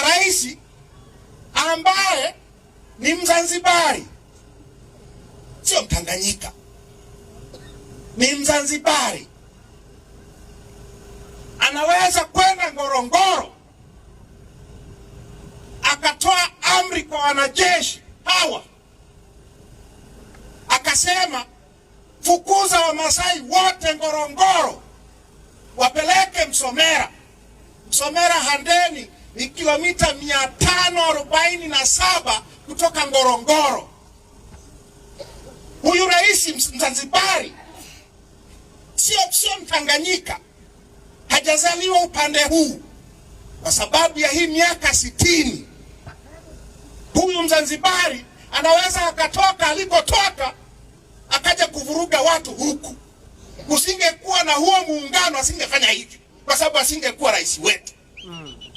rais ambaye ni Mzanzibari, sio Mtanganyika, ni Mzanzibari anaweza kwenda Ngorongoro akatoa amri kwa wanajeshi hawa akasema, fukuza Wamasai wote Ngorongoro, wapeleke Msomera. Msomera Handeni ni kilomita mia na saba kutoka Ngorongoro. Huyu rais Mzanzibari sio sio Mtanganyika, hajazaliwa upande huu kwa sababu ya hii miaka sitini. Huyu Mzanzibari anaweza akatoka alikotoka akaja kuvuruga watu huku. Usingekuwa na huo muungano asingefanya hivi, kwa sababu asingekuwa rais wetu. Hmm.